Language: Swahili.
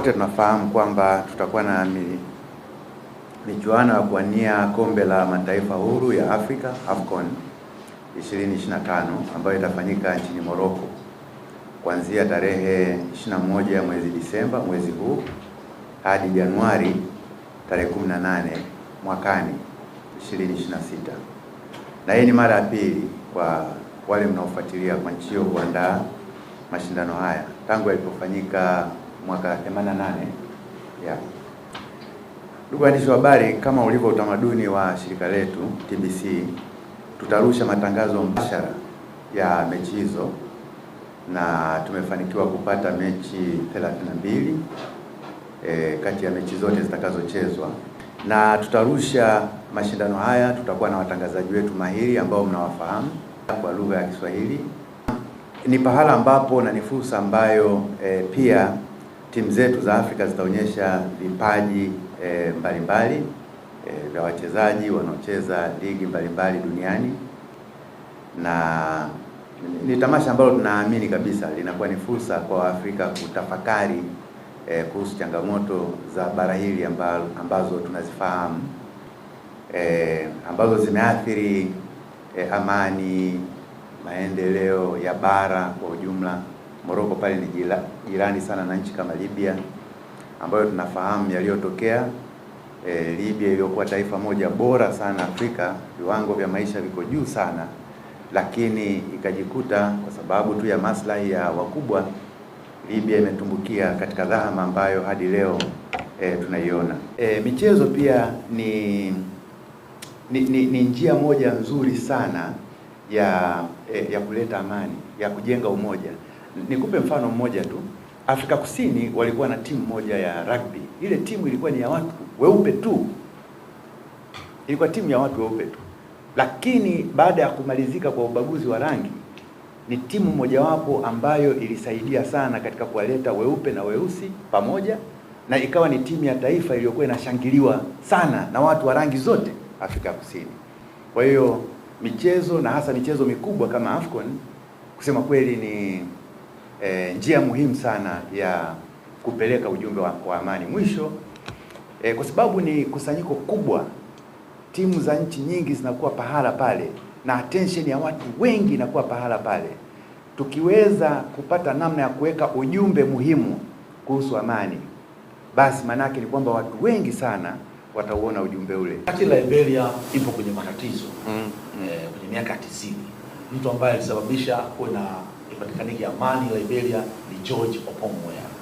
wote tunafahamu kwamba tutakuwa na michuano ya kuwania kombe la mataifa huru ya Afrika AFCON 2025 ambayo itafanyika nchini Morocco kuanzia tarehe 21 ya mwezi Disemba mwezi huu hadi Januari tarehe 18 mwakani 2026. Na hii ni mara ya pili kwa wale mnaofuatilia kwa nchi hiyo kuandaa mashindano haya tangu yalipofanyika mwaka 88 yeah. Ndugu waandishi wa habari, kama ulivyo utamaduni wa shirika letu TBC, tutarusha matangazo mbashara ya mechi hizo na tumefanikiwa kupata mechi 32 e, eh, kati ya mechi zote zitakazochezwa na tutarusha mashindano haya. Tutakuwa na watangazaji wetu mahiri ambao mnawafahamu kwa lugha ya Kiswahili. Ni pahala ambapo na ni fursa ambayo e, pia timu zetu za Afrika zitaonyesha vipaji e, mbalimbali eh, vya e, wachezaji wanaocheza ligi mbalimbali duniani, na ni tamasha ambalo tunaamini kabisa linakuwa ni fursa kwa Waafrika kutafakari e, kuhusu changamoto za bara hili ambazo, ambazo tunazifahamu e, ambazo zimeathiri e, amani, maendeleo ya bara kwa ujumla. Moroko pale ni jila, jirani sana na nchi kama Libya ambayo tunafahamu yaliyotokea e, Libya iliyokuwa taifa moja bora sana Afrika, viwango vya maisha viko juu sana, lakini ikajikuta kwa sababu tu ya maslahi ya wakubwa, Libya imetumbukia katika dhahama ambayo hadi leo e, tunaiona. E, michezo pia ni ni, ni ni njia moja nzuri sana ya, e, ya kuleta amani, ya kujenga umoja. Nikupe mfano mmoja tu. Afrika Kusini walikuwa na timu moja ya rugby. Ile timu ilikuwa ni ya watu weupe tu, ilikuwa timu ya watu weupe tu, lakini baada ya kumalizika kwa ubaguzi wa rangi, ni timu mojawapo ambayo ilisaidia sana katika kuwaleta weupe na weusi pamoja, na ikawa ni timu ya taifa iliyokuwa inashangiliwa sana na watu wa rangi zote Afrika Kusini. Kwa hiyo michezo na hasa michezo mikubwa kama AFCON kusema kweli ni e, njia muhimu sana ya kupeleka ujumbe wa, wa amani. Mwisho e, kwa sababu ni kusanyiko kubwa, timu za nchi nyingi zinakuwa pahala pale na attention ya watu wengi inakuwa pahala pale. Tukiweza kupata namna ya kuweka ujumbe muhimu kuhusu amani, basi maanake ni kwamba watu wengi sana watauona ujumbe ule. Wakati Liberia ipo kwenye matatizo mm, mm. E, kwenye miaka tisini mtu ambaye alisababisha kuwe na ipatikanike amani Liberia ni George Oppong Weah.